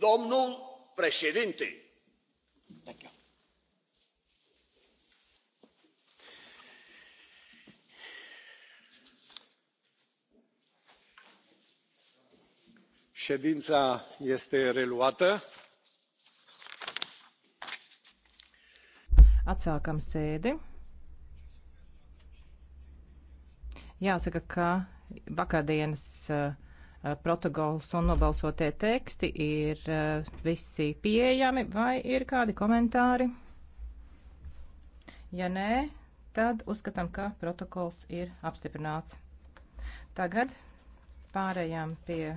domnul președinte ședința este reluată. Atsākam sēdi. Jāsaka, ka vakardienas uh, Eh, protokols un nobalsotie teksti ir eh, visi pieejami vai ir kādi komentāri? Ja nē, tad uzskatām, ka protokols ir apstiprināts. Tagad pārējām pie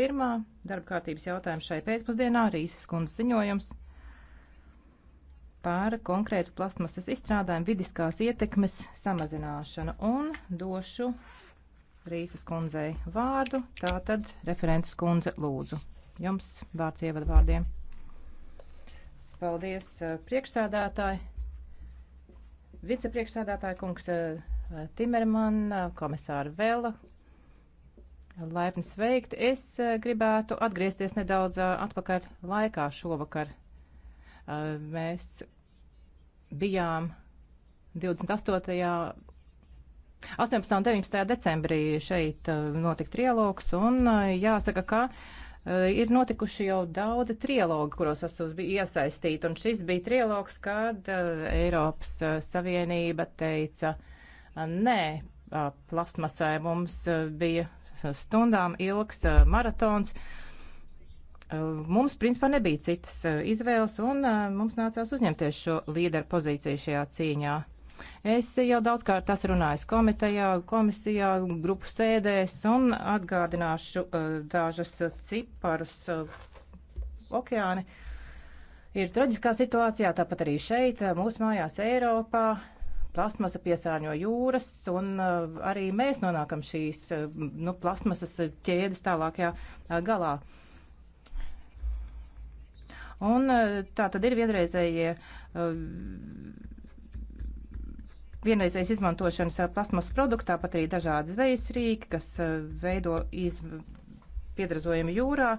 pirmā darba kārtības jautājuma šai pēcpusdienā - Rīsas kundzes ziņojums par konkrētu plasmasas izstrādājumu vidiskās ietekmes samazināšanu un došu Rīsas kundzei vārdu, tātad referents kundze lūdzu. Jums vārds ievada vārdiem. Paldies, eh, priekšsēdētāji. Vicepriekšsēdētāja kungs eh, Timermanna, eh, komisāra Vela, Laipni sveikti! Es gribētu atgriezties nedaudz atpakaļ laikā šovakar. Mēs bijām 28. 18. un 19. decembrī šeit eh, notika trialogs, un eh, jāsaka, ka eh, ir notikuši jau daudzi trialogi, kuros esmu biju iesaistīta, un šis bija trialogs, kad Eiropas Savienība teica, nē, plastmasai mums bija stundām ilgs maratons. Mums, principā, nebija citas izvēles, un mums nācās uzņemties šo līderu pozīciju šajā cīņā. Es jau daudzkārt tas runāju komitejā, komisijā, grupu sēdēs un atgādināšu uh, eh, dažas ciparus uh, okeāni. Ir traģiskā situācijā, tāpat arī šeit, eh, mūsu mājās Eiropā, plasmasa piesārņo jūras, un uh, arī mēs nonākam šīs uh, nu, plasmasas ķēdes tālākajā uh, galā. Un tā tad ir vienreizējie vienreizējas izmantošanas plasmas produktā, pat arī dažādi zvejas rīki, kas eh, veido iz, piedrazojumi jūrā.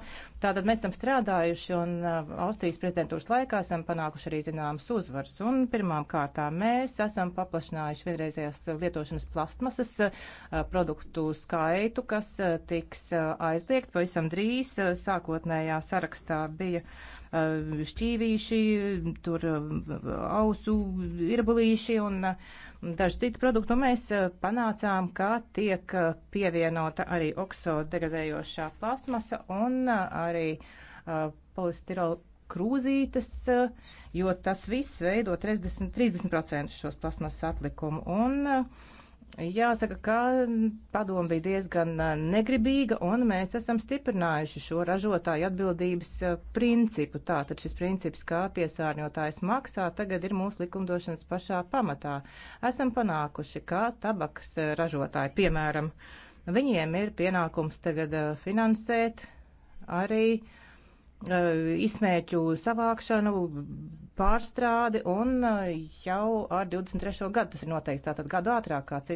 Tātad mēs esam strādājuši un eh, Austrijas prezidentūras laikā esam panākuši arī zināmas uzvaras. Un pirmām kārtām mēs esam paplašinājuši vienreizējās lietošanas plastmasas eh, produktu skaitu, kas tiks aizliegt pavisam drīz. Sākotnējā sarakstā bija. Uh, Eh, šķīvīši, tur eh, ausu irbalīši un eh, daži citi produkti. Un mēs panācām, ka tiek pievienota arī okso degradējošā plasmasa un arī polistirola krūzītes, jo tas viss veido 30%, 30 šos plasmasas atlikumu. Un, uh, Jāsaka, ka padoma bija diezgan eh, negribīga, un mēs esam stiprinājuši šo ražotāju atbildības eh, principu. Tātad šis princips, kā piesārņotājs maksā, tagad ir mūsu likumdošanas pašā pamatā. Esam panākuši, ka tabakas eh, ražotāji, piemēram, viņiem ir pienākums tagad finansēt arī izsmēķu savākšanu, pārstrādi un jau ar 23. gadu tas ir noteikts tātad gadu ātrāk kā cik.